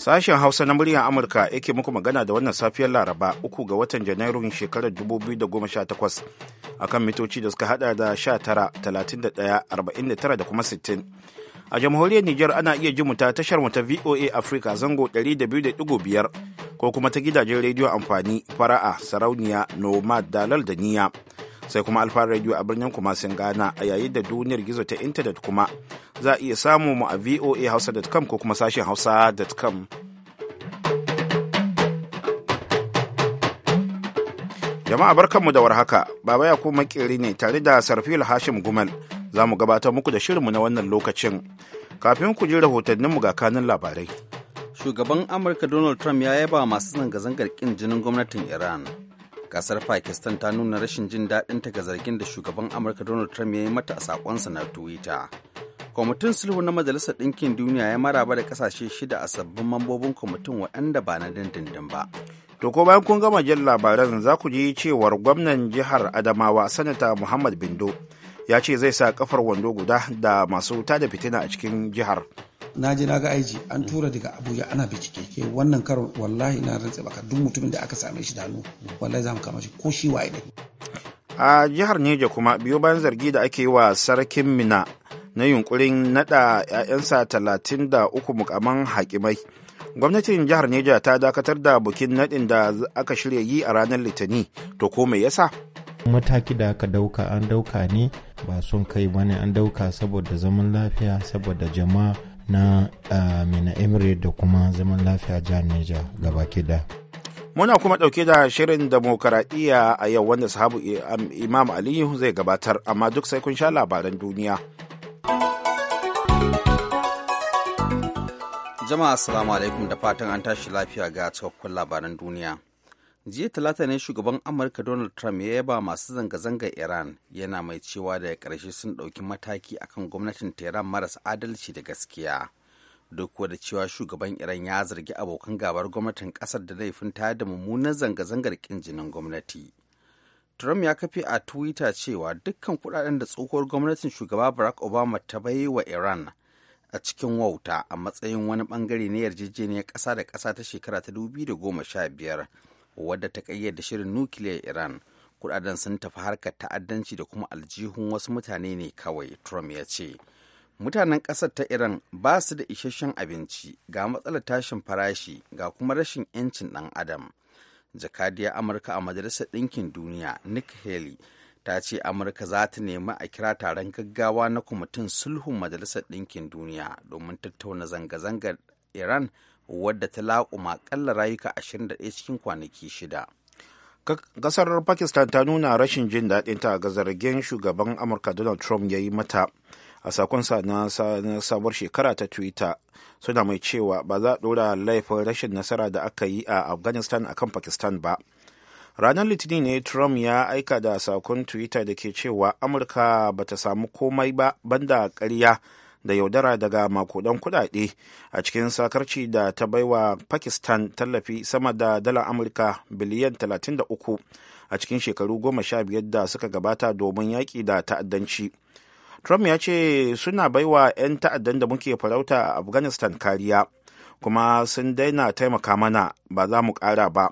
Sashen Hausa na muryar Amurka yake muku magana da wannan safiyar Laraba uku ga watan Janairun shekarar 2018 akan mitoci da suka hada da 19, 31, 49 da kuma 60. A jamhuriyar Nijar ana iya mu ta tashar ta VOA Africa zango 200.5 ko kuma ta gidajen rediyo amfani fara'a sarauniya nomad dalal da niyya. sai kuma alfa radio a birnin kuma sun gana a yayin da duniyar gizo ta intanet kuma za a iya samu mu a voahausa.com ko kuma sashen hausa.com jama'a barkanmu da warhaka baba ya kuma makeri ne tare da sarfil hashim gumal za mu gabatar muku da shirinmu na wannan lokacin kafin ku ji rahotanninmu ga kanin labarai shugaban amurka donald trump ya yaba masu zanga-zangar kin jinin gwamnatin iran kasar pakistan ta nuna rashin jin daɗinta ga zargin da shugaban amurka donald trump ya yi mata a saƙonsa na twitter kwamitin sulhu na majalisar ɗinkin duniya ya maraba da ƙasashe shida a sabbin mambobin kwamitin waɗanda ba na dindindin ba to ko bayan kun gama jin labaran za ku ji cewar gwamnan jihar adamawa sanata muhammad bindo ya ce zai sa kafar wando guda da masu wuta da fitina a cikin jihar na je na ga aiji an tura daga abuja ana bincike ke wannan karo wallahi na rantsa baka duk mutumin da aka same shi da hannu wallahi za mu kama shi ko shi waye ne a jihar neja kuma biyo bayan zargi da ake yi wa sarkin mina na yunkurin nada 'ya'yansa talatin da uku mukaman hakimai gwamnatin jihar neja ta dakatar da bukin nadin da aka shirya yi a ranar litani to ko me yasa mataki da aka dauka an dauka ne ba sun kai ba ne an dauka saboda zaman lafiya saboda jama'a na mina emirate da kuma zaman lafiya jihar neja gabaki da muna kuma ɗauke da shirin demokaradiyya a yau wanda sahabu imam aliyu zai gabatar amma duk sai kun sha labaran duniya jama'a assalamu alaikum da fatan an tashi lafiya ga cikakkun labaran duniya jiya talata ne shugaban amurka donald trump ya yaba masu zanga-zangar iran yana mai cewa daga karshe sun ɗauki mataki akan gwamnatin tehran maras adalci da gaskiya duk da cewa shugaban iran ya zargi abokan gabar gwamnatin ƙasar da laifin ta da mummunan zanga-zangar ƙin jinin gwamnati trump ya kafe a twitter cewa dukkan kuɗaɗen da tsohuwar gwamnatin shugaba barack obama ta bai wa iran a cikin wauta a matsayin wani bangare na yarjejeniyar ƙasa da ƙasa ta shekara ta 2015 wadda ta kayyade shirin nukiliyar Iran. Kudaden sun tafi harkar ta'addanci da kuma aljihun wasu mutane ne kawai, Trump ya ce. Mutanen ƙasar ta Iran ba su da isasshen abinci, ga matsalar tashin farashi, ga kuma rashin 'yancin ɗan adam. Jakadiyar Amurka a Majalisar Ɗinkin Duniya, Nick Haley, ta ce amurka za ta nemi a kira taron gaggawa na kwamitin sulhun majalisar ɗinkin duniya domin tattauna zanga-zangar iran wadda ta laƙuma ƙalla rayuka 21 cikin kwanaki shida. ƙasar Pakistan ta nuna rashin jin daɗin ta ga zargin shugaban Amurka Donald Trump ya yi mata a sakonsa na sabuwar shekara ta Twitter suna mai cewa ba za a ɗora laifin rashin nasara da aka yi a Afghanistan akan Pakistan ba. ranar litinin ne trump ya aika da sakon twitter da ke cewa amurka ba ta samu komai ba banda karya da yaudara daga makudan kudade a cikin sakarci da ta baiwa pakistan tallafi sama da dala amurka biliyan 33 a cikin shekaru goma sha biyar da suka gabata domin yaƙi da ta'addanci trump ya ce suna baiwa 'yan ta'addan da muke farauta a afghanistan kariya kuma sun daina taimaka mana ba za mu ƙara ba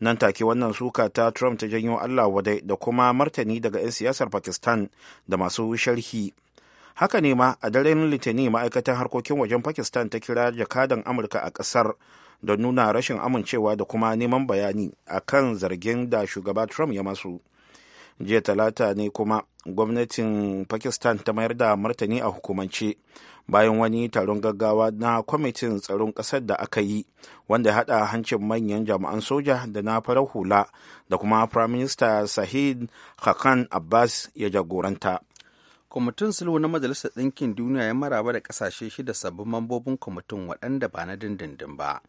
nan take wannan suka ta trump ta janyo allah wadai da kuma martani daga 'yan siyasar pakistan da masu sharhi haka ne ma a daren litinin ma'aikatan harkokin wajen pakistan ta kira jakadan amurka a kasar don nuna rashin amincewa da kuma neman bayani a kan zargin da shugaba trump ya masu jiya talata ne kuma gwamnatin pakistan ta mayar da martani a hukumance bayan wani taron gaggawa na kwamitin tsaron ƙasar da aka yi wanda ya haɗa hancin manyan jami'an soja da na farar hula da kuma firaminista sahid hakan abbas ya jagoranta kwamitin sulhu na majalisar ɗinkin duniya ya maraba da ƙasashe shida sabbin mambobin kwamitin waɗanda ba na dindindin ba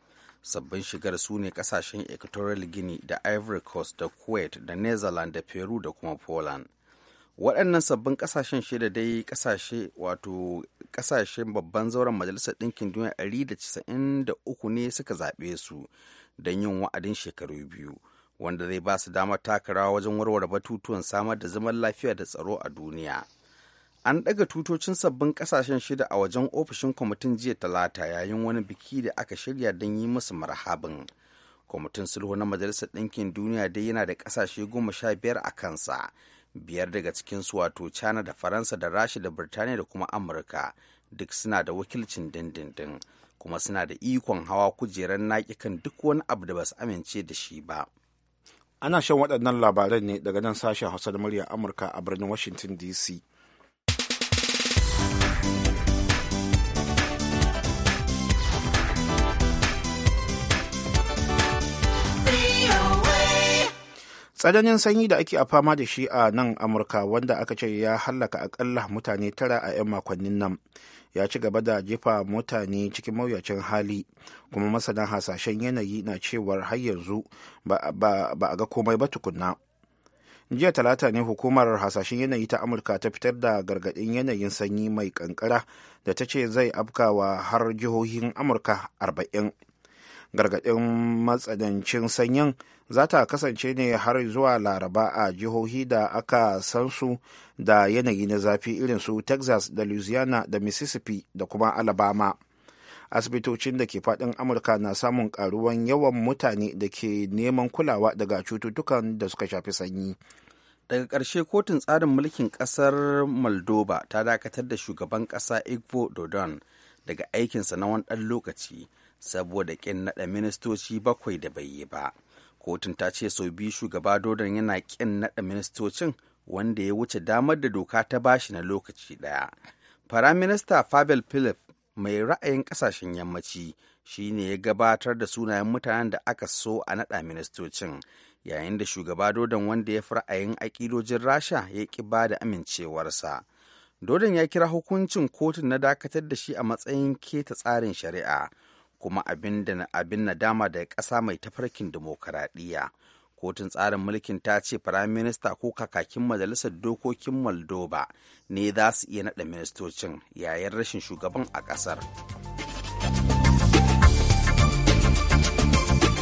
sabbin shigar su ne ƙasashen equatorial guinea da ivory coast da kuwait da netherlands da peru da kuma poland waɗannan sabbin ƙasashen shida dai ƙasashe wato ƙasashen babban zauren majalisar ɗinkin duniya da uku ne suka zaɓe su don yin wa'adin shekaru biyu wanda zai ba su damar takarawa wajen warware batutuwan samar da zaman lafiya da tsaro a duniya an ɗaga tutocin sabbin ƙasashen shida a wajen ofishin kwamitin jiya talata yayin wani biki da aka shirya don yi musu marhabin kwamitin sulhu na majalisar ɗinkin duniya dai yana da ƙasashe goma sha biyar a kansa biyar daga cikin su wato china da faransa da rasha da birtaniya da kuma amurka duk suna da wakilcin dindindin kuma suna da ikon hawa kujerar naƙikan kan duk wani abu da ba su amince da shi ba ana shan waɗannan labaran ne daga nan sashen hausa da murya amurka a birnin washington dc tsananin sanyi da ake a fama da shi a nan amurka wanda aka ce ya hallaka akalla mutane tara a 'yan makonnin nan ya ci gaba da jefa mutane cikin mawuyacin hali kuma masana hasashen yanayi na cewar har yanzu ba a ga komai ba tukunna jiya talata ne hukumar hasashen yanayi ta amurka ta fitar da gargaɗin yanayin sanyi mai kankara da ta ce zai afkawa har jihohin amurka arba'in gargaɗin matsanancin sanyin za ta kasance ne har zuwa laraba a jihohi da aka san su da yanayi na zafi irin su texas da louisiana da mississippi da kuma alabama asibitocin da ke fadin amurka na samun karuwan yawan mutane da ke neman kulawa daga cututtukan da suka shafi sanyi daga ƙarshe kotun tsarin mulkin ƙasar moldova ta dakatar da shugaban ƙasa igbo dodon daga aikinsa na wani ɗan lokaci saboda ƙin naɗa ministoci bakwai da bai yi ba kotun ta ce sau biyu shugaba dodon yana ƙin naɗa ministocin wanda ya wuce damar da doka ta bashi na lokaci ɗaya firaminista fabel philip mai ra'ayin ƙasashen yammaci shi ne ya gabatar da sunayen mutanen da aka so a naɗa ministocin yayin da shugaba dodon wanda ya fi ra'ayin aƙidojin rasha ya ƙi ba da amincewarsa dodon ya kira hukuncin kotun na dakatar da shi a matsayin keta tsarin shari'a kuma abin nadama daga ƙasa mai tafarkin demokaradiyya kotun tsarin mulkin ta ce firaminista ko kakakin majalisar dokokin moldova ne za su iya naɗa ministocin yayin rashin shugaban a ƙasar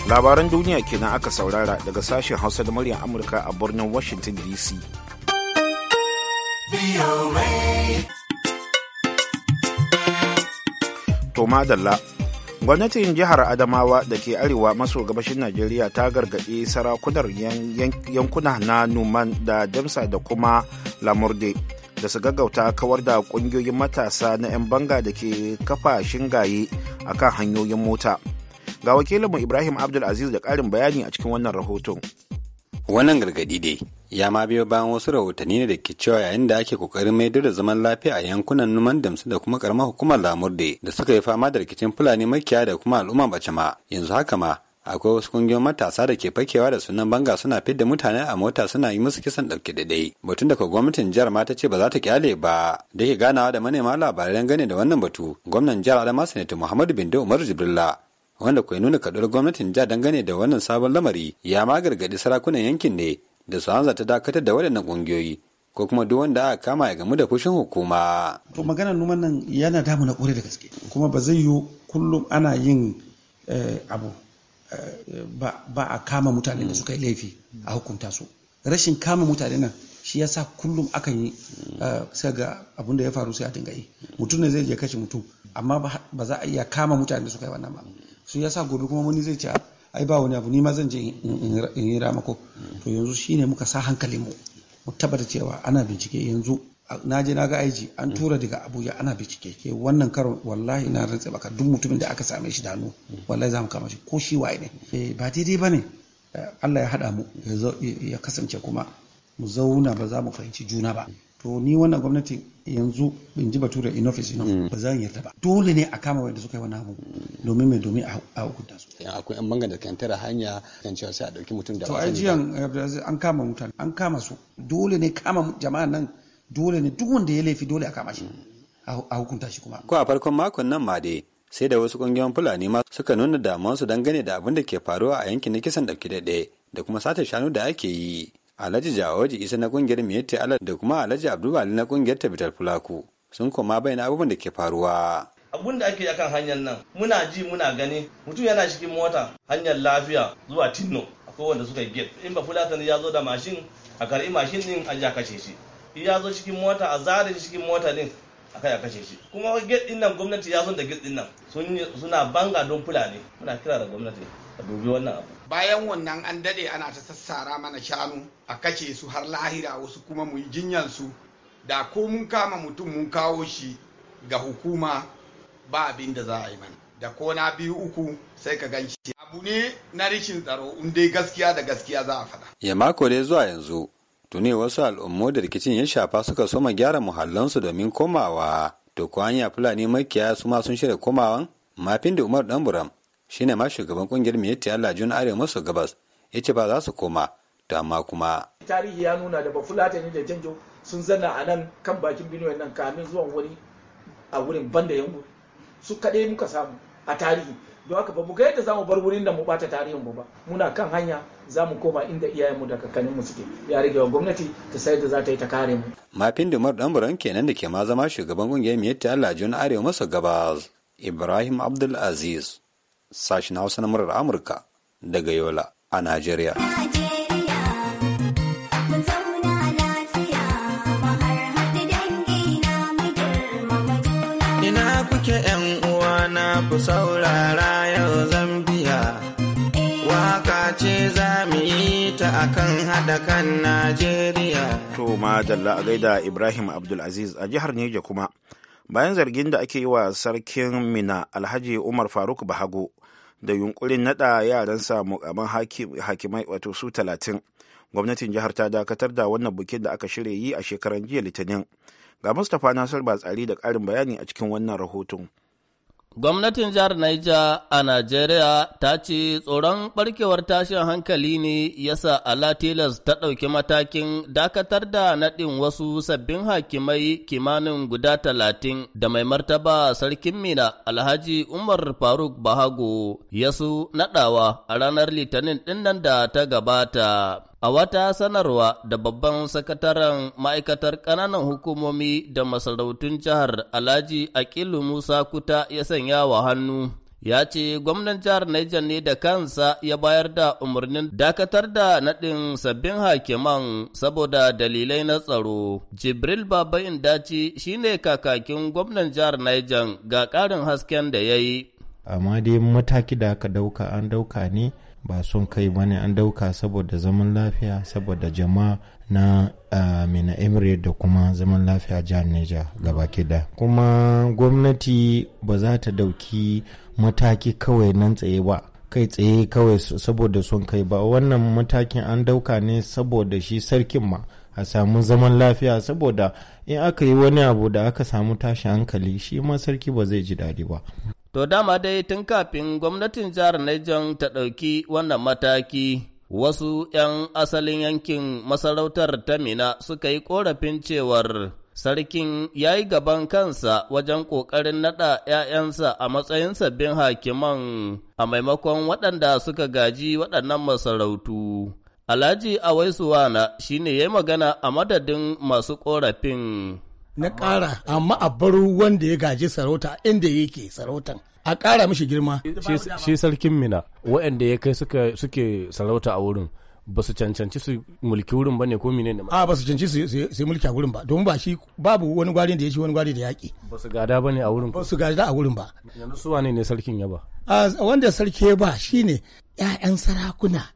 labaran duniya kenan aka saurara daga sashen hausa da muryar amurka a birnin washington dc to madalla gwamnatin jihar adamawa da ke arewa maso gabashin najeriya ta gargaɗi sarakunar yankuna na numan da damsa da kuma lamurde da su gaggauta kawar da ƙungiyoyin matasa na 'yan banga da ke kafa shingaye a kan hanyoyin mota ga wakilinmu ibrahim abdulaziz da ƙarin bayani a cikin wannan rahoton wannan gargaɗi dai ya ma biyo bayan wasu rahotanni ne da ke cewa yayin da ake kokarin maido da zaman lafiya a yankunan numan damsu da kuma karamar hukumar lamurde da suka yi fama da rikicin fulani makiya da kuma al'umma bace ma yanzu haka ma akwai wasu kungiyoyin matasa da ke fakewa da sunan banga suna fidda mutane a mota suna yi musu kisan ɗauke daidai batun da gwamnatin jihar ma ta ce ba za ta kyale ba da ke ganawa da manema labarai gane da wannan batu gwamnan jihar adama sanata muhammadu bindo umar jibrilla wanda kuwa nuna kaɗuwar gwamnatin jihar dangane da wannan sabon lamari ya ma gargaɗi sarakunan yankin ne da su hanzarta dakatar da waɗannan ƙungiyoyi ko kuma duk wanda aka kama ya gamu da fushin hukuma. To maganar numan nan yana damu na kore da gaske kuma ba zai yiwu kullum ana yin eh, abu eh, ba a kama mutane da suka yi laifi a hukunta su. Rashin kama mutane nan shi ya sa kullum aka yi eh, sai ga abin da ya faru sai a dinga yi mutum ne zai je kashe mutum amma ba za a iya kama mutane da suka yi wannan ba su sa gobe kuma wani zai ci. ai ba wani abu ni ma zan je in yi ramako to yanzu shine muka sa hankalin mu mu tabbata cewa ana bincike yanzu na je na ga aiji an tura daga abuja ana bincike ke wannan karo wallahi na rantse baka duk mutumin da aka same shi da hannu wallahi za mu kama shi ko shi waye ne eh, ba daidai ba ne eh, Allah ya haɗa mu ya kasance kuma mu zauna ba za mu fahimci juna ba to ni wannan gwamnati yanzu in ji bature in office enough mm. ba zan yarda ba dole ne a kama wanda suka yi wani abu domin mai domin a hukunta su akwai an bangaren da kan tara hanya kan cewa sai a dauki mutum da to ai jiyan eh, an kama mutane an kama su dole ne kama jama'a nan dole ne duk wanda ya laifi dole a kama shi a hukunta shi kuma ko a farkon makon nan ma dai sai da wasu kungiyoyin fulani ma suka nuna damuwarsu dangane da abin da ke faruwa a yankin na kisan dauki daɗe da kuma sata shanu da ake yi Alhaji Jawaji Isa na kungiyar Miyetti Allah da kuma Alhaji Abdulbali na kungiyar Tabitar Fulaku sun koma bayan abubuwan da ke faruwa. abun da ake yi akan hanyar nan muna ji muna gani mutum yana cikin mota hanyar lafiya zuwa tinno akwai wanda suka get in ba fulatani ya zo da mashin a karbi mashin din an ja kashe shi ya zo cikin mota a zare shi cikin mota din akai a kashe shi kuma get din nan gwamnati ya zo da get din nan suna banga don fulani muna kira da gwamnati a dubi wannan abu bayan wannan an dade ana ta sassara mana shanu a kace su har lahira wasu kuma mu yi jinyan su da ko mun kama mutum mun kawo shi ga hukuma ba abin da za a yi mana da ko na biyu uku sai ka ganshi abu ne na rikin tsaro in dai gaskiya da gaskiya za a faɗa. ya mako dai zuwa yanzu tuni wasu al'ummu da rikicin ya shafa suka soma gyara muhallansu domin komawa to ko hanya fulani makiyaya su ma sun shirya komawan mafin da umar dan buram shine ma shugaban kungiyar Miyetti Allah Jun Arewa maso gabas ya ce ba za su koma to amma kuma tarihi ya nuna da bafulatani da janjo sun zana a nan kan bakin biliyon nan kamin zuwan wani a wurin banda yan wuri su kaɗai muka samu a tarihi don haka ba mu ga yadda za mu bar wurin da mu bata tarihin mu ba muna kan hanya za mu koma inda iyayen mu da kakanninmu suke ya rage wa gwamnati ta sayar da za ta yi ta kare mu. mafin da dan kenan da ke ma zama shugaban kungiyar miyatta allah jun arewa Maso gabas ibrahim abdulaziz sashen Hausa na murar Amurka daga Yola a Najeriya. Ina kuke ‘yan uwana ku saurara yau Zambiya, eh. waka ce za mu yi ta akan haɗa kan Najeriya. To ma a gaida Ibrahim Abdulaziz a jihar Neja kuma. bayan zargin da ake yi wa sarkin mina alhaji umar faruk bahago da yunkurin nada yaransa mukamman hakimai wato su talatin gwamnatin jihar ta dakatar da wannan bukin da aka shirya yi a shekaran jiya litinin ga mustapha nasar ba tsari da ƙarin bayani a cikin wannan rahoton Gwamnatin jihar Niger a Najeriya ta ce tsoron barkewar tashin hankali ne yasa ala tilas ta ɗauki matakin dakatar da naɗin wasu sabbin hakimai kimanin guda talatin da mai martaba sarkin Mina Alhaji Umar Faruk Bahago ya su naɗawa a ranar Litinin ɗinnan da ta gabata. A wata sanarwa da babban sakataren ma'aikatar ƙananan hukumomi da masarautun jihar Alhaji Akilu Musa Kuta ya sanya wa hannu, ya ce gwamnan jihar Niger ne da kansa ya bayar da umarnin dakatar da naɗin sabbin hakiman saboda dalilai na tsaro. Jibril Babayin Daci shine kakakin gwamnan jihar Niger ga ƙarin hasken da ya yi. Amma dai mataki da aka ɗauka an ɗauka ne. ba sun kai bane an dauka saboda zaman lafiya saboda jama'a na mina emirate da kuma zaman lafiya jihar neja gabaki da kuma gwamnati ba za ta dauki mataki kawai nan tsaye ba kai tsaye kawai saboda sun kai ba wannan matakin an dauka ne saboda shi sarkin ma a samu zaman lafiya saboda in aka yi wani abu da aka samu tashi hankali shi ma sarki ba zai ji daɗi ba To dama dai tun kafin gwamnatin jihar Niger ta ɗauki wannan mataki, wasu ‘yan asalin yankin masarautar ta Mina suka yi ƙorafin cewar sarkin ya yi gaban kansa wajen ƙoƙarin naɗa ‘ya'yansa a matsayin sabbin hakiman a maimakon waɗanda suka gaji waɗannan masarautu. Alhaji Awaisuwana shi ne ya yi magana a madadin masu ƙorafin. na ƙara amma a bar wanda ya gaji sarauta inda yake sarautan a ƙara mishi girma shi sarkin mina waɗanda ya kai suke sarauta a wurin ba su cancanci su mulki wurin ba ne ko mine ne a ba su cancanci su mulki a wurin ba domin ba shi babu wani gwari da ya ci wani gwari da yaƙi ba su gada ba ne a wurin ba su gada a wurin ba yanzu su wane ne sarkin ya ba a wanda sarki ya ba shine ƴaƴan sarakuna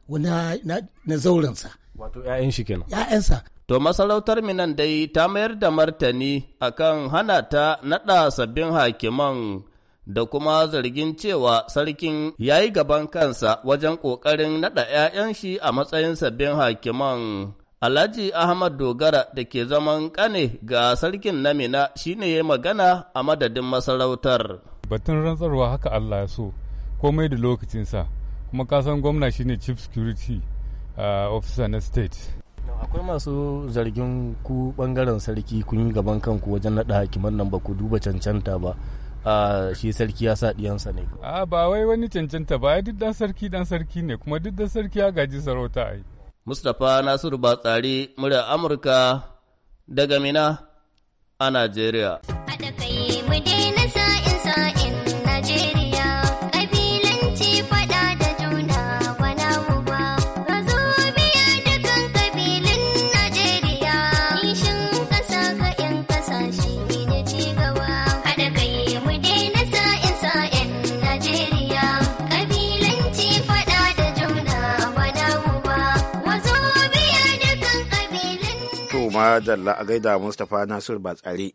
na na sa. Wato ‘ya'yan shi kenan. ‘Ya'yansa. To masarautar Minan dai ta mayar da martani a kan hana ta naɗa sabbin hakiman da kuma zargin cewa sarkin ya yi gaban kansa wajen ƙoƙarin naɗa ‘ya'yan shi a matsayin sabbin hakiman. Alhaji Ahmad Dogara da ke zaman ƙane ga sarkin namina shi ne magana a madadin masarautar. Batun rantsarwa haka Allah ya so, komai da lokacinsa, kuma kasan gwamna shine chief security Uh, officer na state akwai masu zargin ku bangaren sarki kun yi gaban kanku wajen naɗa hakiman nan ba ku duba cancanta ba a ah, shi sarki ya sa ɗiyansa ne a ah, ba wai wani cancanta ba duk dan sarki dan sarki ne kuma duk dan sarki ya gaji sarauta ai mustapha nasiru batsari murya amurka daga mina a najeriya madalla a gaida mustapha nasir batsari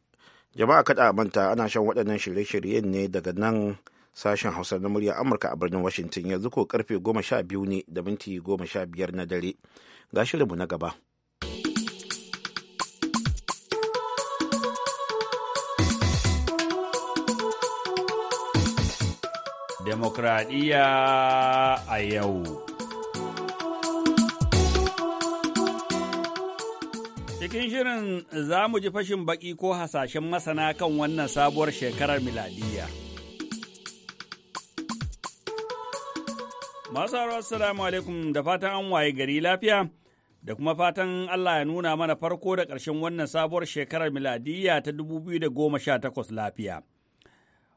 jama'a kada a manta ana shan waɗannan shirye-shiryen ne daga nan sashen hausa na murya amurka a birnin washington yanzu ko karfe goma sha biyu ne da minti goma sha biyar na dare ga shirinmu na gaba demokradiyya a yau Cikin shirin za mu ji fashin baki ko hasashen masana kan wannan sabuwar shekarar miladiya. Masu haro assalamu alaikum da fatan an waye gari lafiya da kuma fatan Allah ya nuna mana farko da ƙarshen wannan sabuwar shekarar miladiya ta 2018 lafiya.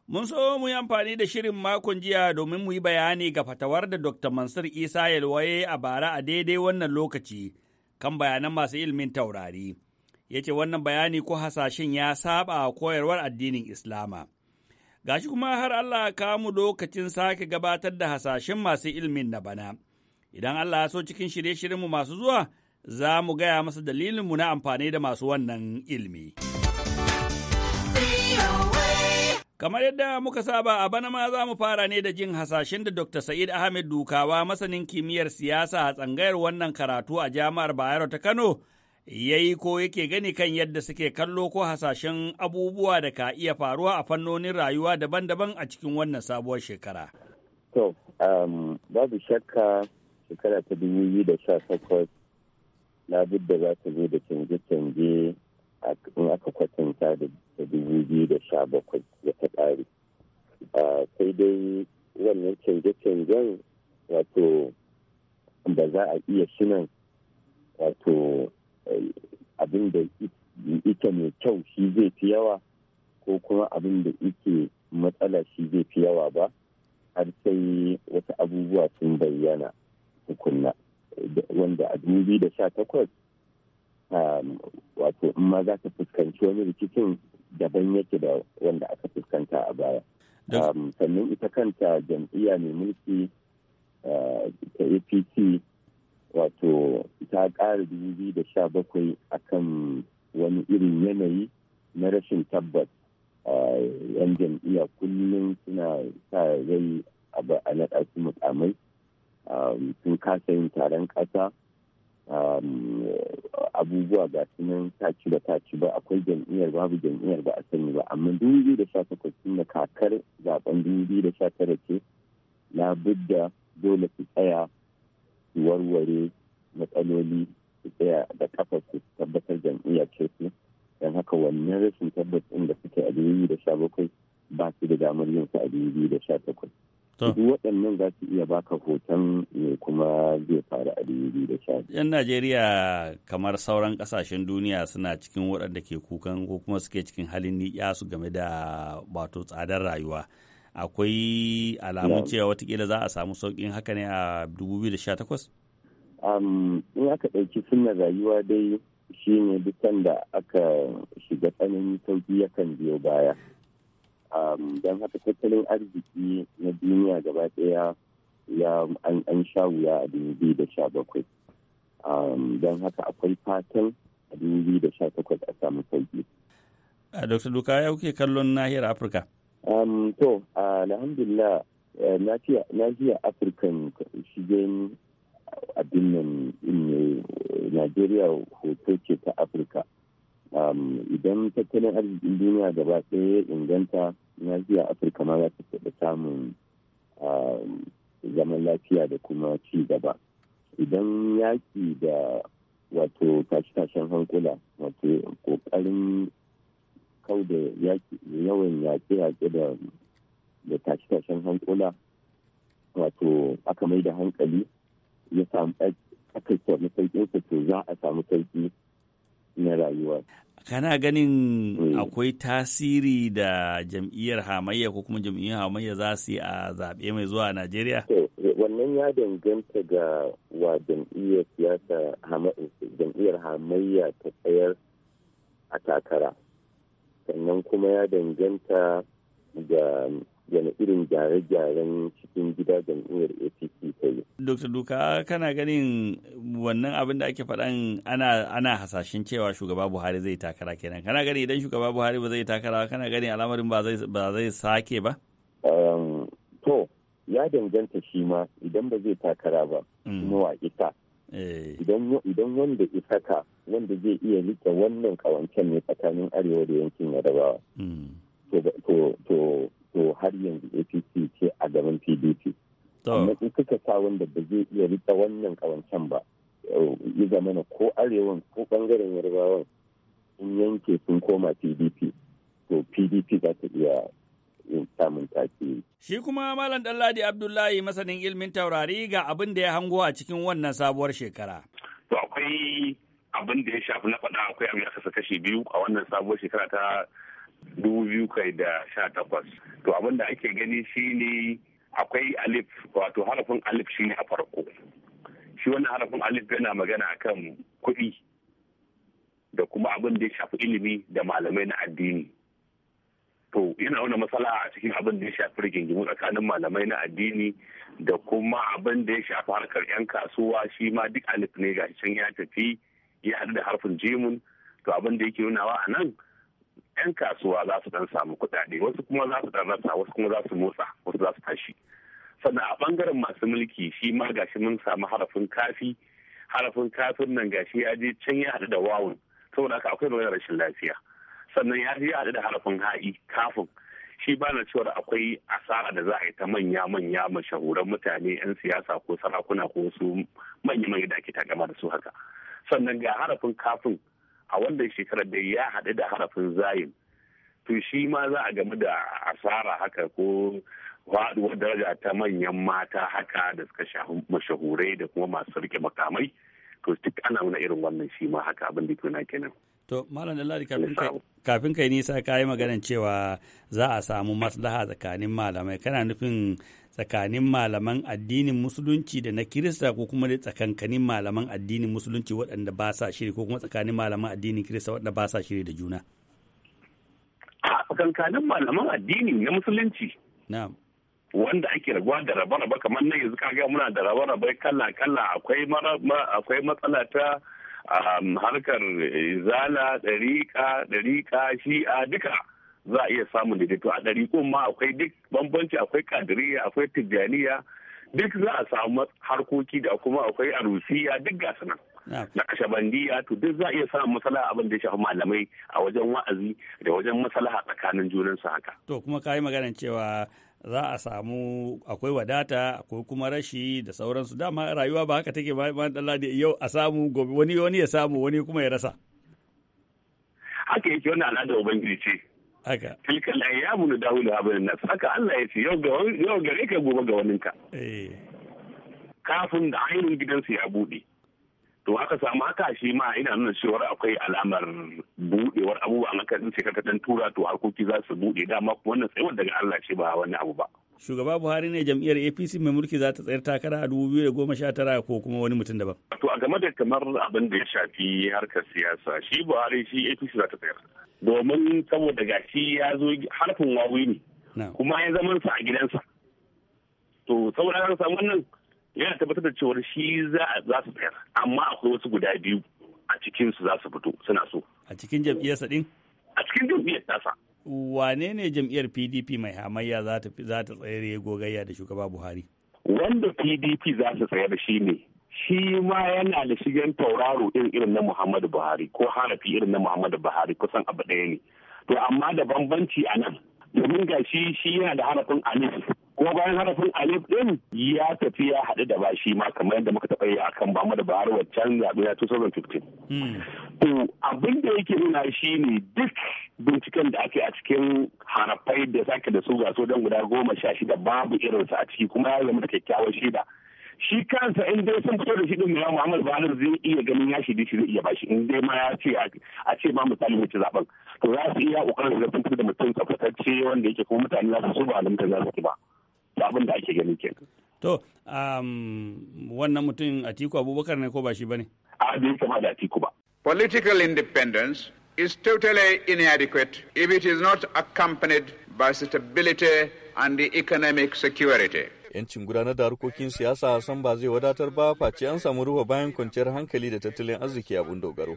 Mun so mu yi amfani da shirin makon jiya domin mu yi bayani ga fatawar da Dr. Mansur Isa Yalwaye a bara a daidai wannan lokaci. kan bayanan masu ilmin taurari. Ya ce wannan bayani ko hasashen ya saba koyarwar addinin Islama. Gashi kuma har Allah kamu lokacin sake gabatar da hasashen masu ilimin na bana. Idan Allah ya so cikin shirye-shiryenmu masu zuwa, za mu gaya masa dalilinmu na amfani da masu wannan ilmi Kamar yadda muka saba a bana ma za mu fara ne da jin hasashen da Dr. Sa'id Ahmed Dukawa masanin kimiyyar siyasa a tsangayar wannan karatu a jami'ar Bayero ta Kano ya yi ko yake gani kan yadda suke kallo ko hasashen abubuwa da ka iya faruwa a fannonin rayuwa daban-daban a cikin wannan sabuwar shekara. To, um, babu shakka shekara ta dubu biyu da sha takwas da za ta zo da canje-canje in aka kwatanta da da dubu biyu da sha bakwai da ta ƙari sai dai wannan canje-canjen wato ba za a iya shinan wato abin da ita mai kyau shi zai fi yawa ko kuma abin da ike matsala shi zai fi yawa ba har sai wata abubuwa sun bayyana tukunna wanda a dubu da sha takwas wato in ma za ta fuskanci wani rikicin daban yake da wanda aka fuskanta a baya um, sannan ita kanta jam'iyya mai mulki uh, ta apc wato ta ƙara 2017 a kan wani irin yanayi na rashin tabbas uh, yan jam'iyya kullum suna sa rai a naɗa su mutamai um, sun kasa yin taron ƙasa Um, abubuwa ga sunan taci da taci ba akwai jam'iyyar babu jam'iyyar ba a sani ba amma dubu biyu da sha takwas sun da kakar zaben dubu biyu da sha tara ce labudda dole su tsaya su warware matsaloli su tsaya da kafa su tabbatar jam'iyya ce su don haka wannan rashin tabbas ɗin da suke a dubu biyu da sha bakwai ba su da damar yin su a dubu biyu da sha takwas duk waɗannan za su iya baka hoton ne kuma zai faru a dubu da sha yan najeriya kamar sauran ƙasashen duniya suna cikin waɗanda ke kukan ko kuma suke cikin halin niƙya su game da wato tsadar rayuwa akwai alamun cewa watakila za a samu sauƙin haka ne a 2018 in aka ɗauki sunan rayuwa dai ne dukkan da aka shiga tsananin sauki yakan biyo baya Um, don haka tattalin arziki na duniya gaba ɗaya ya an sha wuya a 2017 um, don haka akwai fatan a 2018 a samu sauki. Uh, Dr. Duka ya kuke kallon nahiyar Afirka? Um, to, uh, alhamdulillah uh, nahiyar Afirkan shigen abin nan Najeriya hoto ce ta Afirka. Um, idan tattalin arzikin duniya gaba sai ya inganta zuwa afirka ma za ta taɓa samun um, zaman lafiya da kuma ci gaba idan yaƙi da wato tashe-tashen hankula wato ƙoƙarin kau da yawan yaƙe-yaƙe da tashe-tashen hankula wato aka mai da hankali ya samu aka samu sauƙinsa to za a samu sauƙi na rayuwa kana ganin eh. akwai tasiri da jam'iyyar hamayya ko kuma jam'iyyar hamayya za su yi a zaɓe mai zuwa a najeriya wannan ya danganta ga wa jam'iyyar siyasa jam'iyyar hamayya ta tsayar a takara sannan kuma ya danganta ga yana irin gyare-gyaren cikin gida jam'iyyar apc ta yi. dr duka kana ganin wannan abin da ake faɗan ana, ana hasashen cewa shugaba buhari zai takara kenan kana gani idan shugaba buhari ba zai takara kana gani al'amarin ba zai sake ba um, to ya danganta shi ma idan ba zai takara ba nawa mm. ita eh. idan wanda isaka wanda zai iya rike wannan kawancen ne tsakanin arewa da yankin yarabawa mm. to to har yanzu apc ce a gaban pdp amma in kuka sa wanda ba zai iya rika wannan kawancen ba yi zama na ko arewan ko bangaren yarbawan sun yanke sun koma pdp to pdp za ta iya yin samun taki. Shi kuma Malam danladi Abdullahi masanin ilmin taurari ga abin da ya hango a cikin wannan sabuwar shekara. To akwai abin da ya shafi na faɗa akwai abin da aka kashi biyu a wannan sabuwar shekara ta dubu biyu kai da sha takwas to abin da ake gani shine akwai alif wato harafin alif shine a farko shi wannan harafin alif yana magana akan kuɗi da kuma abin da ya shafi ilimi da malamai na addini to yana wani matsala a cikin abin da ya shafi rigingimu tsakanin malamai na addini da kuma abin da ya shafi harkar 'yan kasuwa shi ma duk alif ne ga can ya tafi ya haɗu da harfin jimun to abin da yake nunawa a nan 'yan kasuwa za su dan samu kuɗaɗe wasu kuma za su dan rasa wasu kuma za su motsa wasu za su tashi sannan a bangaren masu mulki shi ma gashi mun samu harafin kafi harafin kafin nan gashi ya je can ya haɗu da wawun saboda haka akwai wani rashin lafiya sannan ya je ya haɗu da harafin ha'i kafin shi ba na cewar akwai asara da za a yi ta manya-manya mashahuran mutane 'yan siyasa ko sarakuna ko wasu manya-manya da ake takama da su haka sannan ga harafin kafin a wannan shekarar da ya haɗu da harafin zayin to shi ma za a gamu da asara haka ko faɗuwar daraja ta manyan mata haka da suka shafi mashahurai da kuma masu rike makamai to duk ana nuna irin wannan shi ma haka abin da na kenan. To Malam Dallari kafin kai nisa ka yi maganan cewa za a samu maslaha tsakanin malamai kana nufin tsakanin malaman addinin musulunci da na kirista ko kuma tsakankanin malaman addinin musulunci waɗanda ba sa shiri ko kuma tsakanin malaman addinin kirista waɗanda ba sa shiri da juna tsakankanin malaman addini na musulunci na'am wanda ake raguwa da raba-raba kamar nan yanzu kaga muna da raba-raba kala-kala akwai matsala ta um, harkar eh, zala dariƙa dariƙa shi'a duka za a iya samun daidaito a ɗari ko ma akwai duk bambanci akwai kadiriya akwai tijjaniya duk za a samu harkoki da kuma akwai arusiya duk ga nan na kashabandiya to duk za a iya samun masala abin da ya shafi malamai a wajen wa'azi da wajen masalaha tsakanin su haka to kuma kayi maganar cewa za a samu akwai wadata akwai kuma rashi da sauransu dama rayuwa ba haka take ba dalla da yau a samu gobe wani wani ya samu wani kuma ya rasa haka yake wannan al'adar ubangiji ce haka ya ayyamu na dawulu abin haka Allah ya ce yau gare ka gobe ga waninka eh. kafin da ainihin gidansu ya bude to aka samu haka shi ma ina nuna cewar akwai alamar budewar abubuwa an kan ce ka dan tura to harkoki za su bude dama wannan tsayuwar daga Allah ce ba wani abu ba shugaba Buhari ne jam'iyyar APC mai mulki za ta tsayar takara a 2019 ko kuma wani mutum daban to a game da kamar abin da ya shafi harkar siyasa shi Buhari shi APC za ta tsayar domin saboda gashi ya zo harfin wawi ne kuma ya zama sa a gidansa to saboda haka wannan yana tabbatar da cewar shi za su tsayar amma akwai wasu guda biyu a cikin su za su fito suna so a cikin sa din a cikin jam'iyyar tasa wane ne jam'iyyar PDP mai hamayya za ta za ta tsayar gogayya da shugaba Buhari wanda PDP za su tsayar shi ne shi ma yana da shigen tauraro irin irin na Muhammadu Buhari ko harafi irin na Muhammadu Buhari kusan abu ɗaya ne. To amma da bambanci a nan domin ga shi shi yana da harafin alif kuma bayan harafin alif ɗin ya tafi ya haɗu da ba shi ma kamar yadda muka taɓa yi a kan Muhammadu Buhari wancan zaɓe na 2015. Hmm. To abin da yake nuna shi ne duk binciken da ake a cikin harafai da sake da su gaso don guda goma sha shida babu irinsa a ciki kuma ya zama da kyakkyawar shida. shi kansa in dai sun fito da shi din mai Muhammad Buhari zai iya ganin ya shi shi zai iya bashi in dai ma ya ce a ce ba misali mai ci zaben to za su iya kokarin da sun fito da mutum ce wanda yake kuma mutane za su so ba alamta mutane za su ki ba abin da ake ganin ke to um, wannan mutum Atiku Abubakar ne ko ba shi bane a bai kama da Atiku ba political independence is totally inadequate if it is not accompanied by stability and economic security yancin gudanar da harkokin siyasa san ba zai wadatar ba face an samu ruwa bayan kwanciyar hankali da tattalin arziki abin dogaro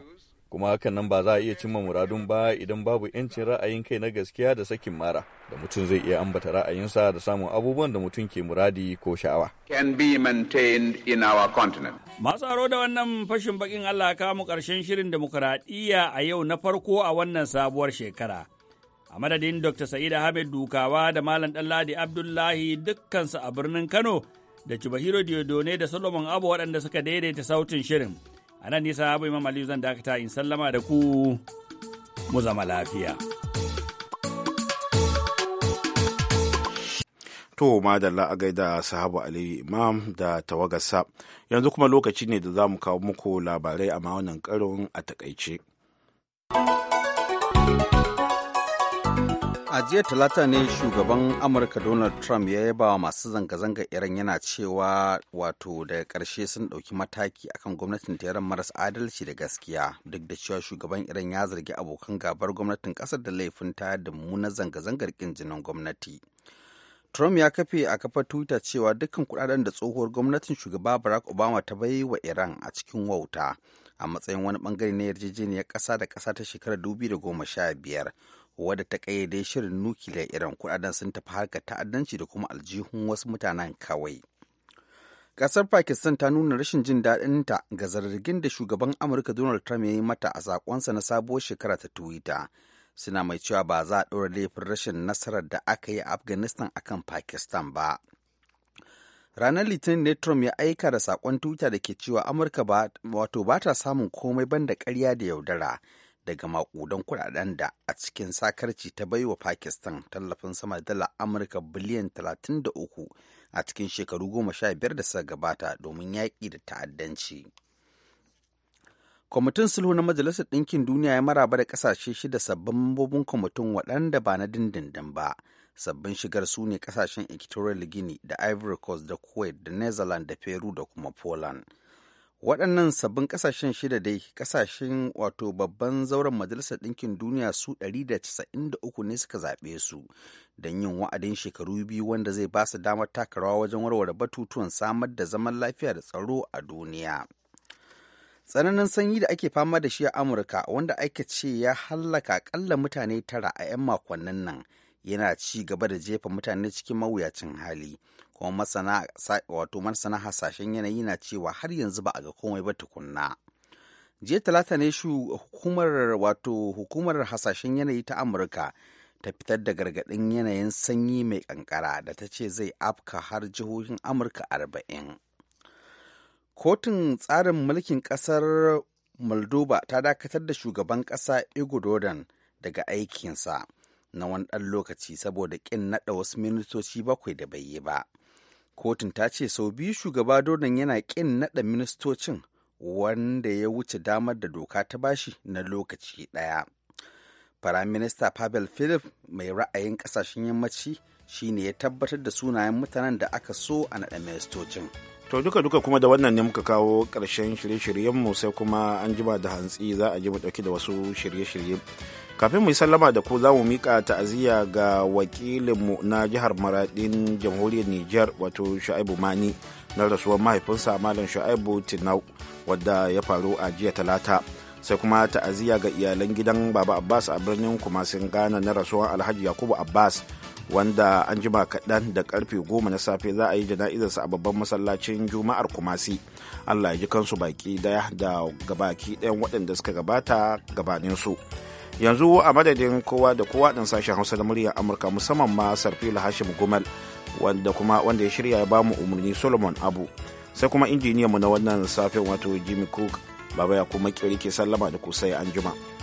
kuma hakan nan ba za a iya cimma muradun ba idan babu yancin ra'ayin kai na gaskiya da sakin mara da mutum zai iya ambata ra'ayinsa da samun abubuwan da mutum ke muradi ko sha'awa. Can be maintained in our continent. Masu aro da wannan fashin bakin Allah kamu mu karshen shirin demokuraɗiyya a yau na farko a wannan sabuwar shekara. a madadin Dr. Sa'ida Hamid Dukawa da Malam Ɗanladi Abdullahi dukkansu a birnin Kano da Cibahiro Diodone da Solomon Abu waɗanda suka daidaita sautin shirin. A nan nisa Abu Imam Aliyu zan dakata in sallama da ku mu zama lafiya. To madalla a gaida sahabu Ali Imam da tawagarsa yanzu kuma lokaci ne da za mu kawo muku labarai a wannan karon a takaice. a jiya talata ne shugaban amurka donald trump ya yaba wa masu zanga-zanga iran yana cewa wato daga karshe sun ɗauki mataki akan gwamnatin yaran maras adalci da gaskiya duk da cewa shugaban iran ya zargi abokan gabar gwamnatin ƙasar da laifin tayar da mummunar zanga-zangar ƙin jinin gwamnati trump ya kafe a kafar twitter cewa dukkan kuɗaɗen da tsohuwar gwamnatin shugaba barack obama ta bai wa iran a cikin wauta a matsayin wani bangare na yarjejeniyar ƙasa da ƙasa ta shekarar 2015 wadda ta kayyade shirin nukiliya iran kudaden sun tafi harka ta'addanci da kuma aljihun wasu mutanen kawai kasar pakistan ta nuna rashin jin daɗin ta ga zargin da shugaban amurka donald trump ya yi mata a saƙonsa na sabuwar shekara ta twitter suna mai cewa ba za a ɗora laifin rashin nasarar da aka yi a afghanistan akan pakistan ba ranar litinin ne trump ya aika da saƙon twitter da ke cewa amurka wato ba ta samun komai banda ƙarya da yaudara daga makudan kudaden da a cikin sakarci ta bai wa Pakistan tallafin sama da dala Amurka biliyan 33 a cikin shekaru goma sha biyar da suka gabata domin yaƙi da ta'addanci. Kwamitin sulhu na Majalisar Ɗinkin Duniya ya maraba da ƙasashe shida sabbin mambobin kwamitin waɗanda ba na dindindin ba. Sabbin shigar su ne ƙasashen Equatorial Guinea da Ivory Coast da Kuwait da Netherlands da Peru da kuma Poland. waɗannan sabbin ƙasashen shida dai ƙasashen wato babban zauren majalisar ɗinkin duniya su 193 ne suka zaɓe su don yin wa'adin shekaru biyu wanda zai ba su damar takarawa wajen warware batutuwan samar da zaman lafiya da tsaro a duniya tsananin sanyi da ake fama da shi a amurka wanda aka ce ya hallaka akalla mutane tara a 'yan makonnin nan yana ci gaba da jefa mutane cikin mawuyacin hali masana wato masana hasashen yanayi na cewa har yanzu ba a ga komai ba tukunna jiya talata ne hukumar wato hukumar hasashen yanayi ta amurka ta fitar da gargaɗin yanayin sanyi mai kankara da ta ce zai afka har jihohin amurka arba'in kotun tsarin mulkin ƙasar moldova ta dakatar da shugaban ƙasa igor daga aikinsa na wani ɗan lokaci saboda ƙin naɗa wasu ministoci bakwai da bai yi ba kotun ta ce sau biyu shugaba Jordan yana ƙin naɗa ministocin wanda ya wuce damar da doka ta bashi na lokaci ɗaya. Firaminista Pavel Philip mai ra'ayin ƙasashen yammaci shi ne ya tabbatar da sunayen mutanen da aka so a naɗa ministocin. To duka-duka kuma da wannan ne muka kawo ƙarshen shirye-shiryenmu sai kuma an jima da hantsi za a ji mu ɗauki da wasu shirye-shirye. kafin mu yi sallama da ku zamu mu mika ta'aziyya ga wakilinmu na jihar maradin jamhuriyar niger wato sha'ibu mani na rasuwar mahaifinsa malam shaibu tinau wadda ya faru a jiya talata sai kuma ta'aziyya ga iyalan gidan baba abbas a birnin kumasin ghana na rasuwar alhaji yakubu abbas wanda an jima kaɗan da karfe goma na safe za a yi jana'izarsa a babban masallacin juma'ar kumasi allah ya ji kansu baki daya da gabaki ɗayan waɗanda suka gabata gabaninsu su yanzu a madadin kowa da kowa ɗin sashen hausa da muryar amurka musamman ma sarfila hashim gumal wanda kuma wanda ya shirya ya bamu umarni solomon abu sai kuma injiniyanmu na wannan safin wato jimmy cook baba ya kuma ke sallama da ku sai anjima.